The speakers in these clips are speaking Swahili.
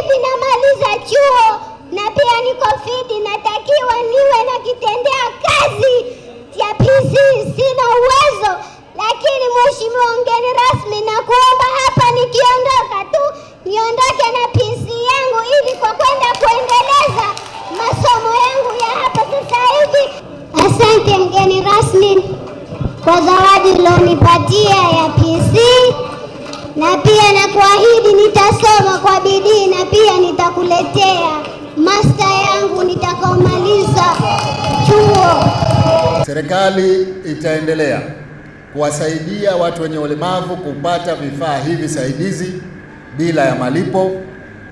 hivi namaliza chuo na pia niko fiti, natakiwa niwe na kitendea kazi ya PC. Sina uwezo, lakini mheshimiwa mgeni rasmi, na kuomba hapa nikiondoka tu niondoke na PC yangu ili kwa kwenda kuendeleza masomo yangu ya hapa sasa hivi. Asante mgeni rasmi kwa zawadi ulionipatia ya PC na pia na kuahidi nitasoma kwa bidii kuniletea masta yangu nitakaomaliza chuo. Serikali itaendelea kuwasaidia watu wenye ulemavu kupata vifaa hivi saidizi bila ya malipo,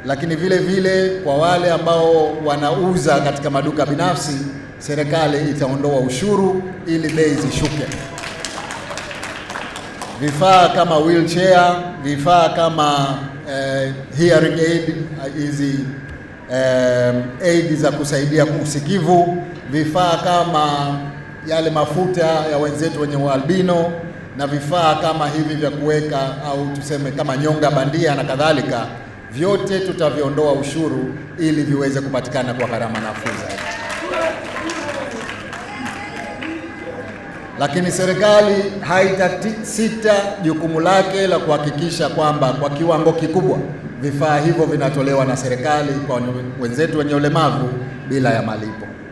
lakini vile vile kwa wale ambao wanauza katika maduka binafsi, serikali itaondoa ushuru ili bei zishuke vifaa kama wheelchair, vifaa kama eh, hearing aid hizi eh, aid za kusaidia usikivu, vifaa kama yale mafuta ya wenzetu wenye ualbino na vifaa kama hivi vya kuweka au tuseme kama nyonga bandia na kadhalika, vyote tutaviondoa ushuru ili viweze kupatikana kwa gharama nafuu zaidi lakini serikali haitasita jukumu lake la kuhakikisha kwamba kwa kiwango kikubwa vifaa hivyo vinatolewa na serikali kwa wenzetu wenye ulemavu bila ya malipo.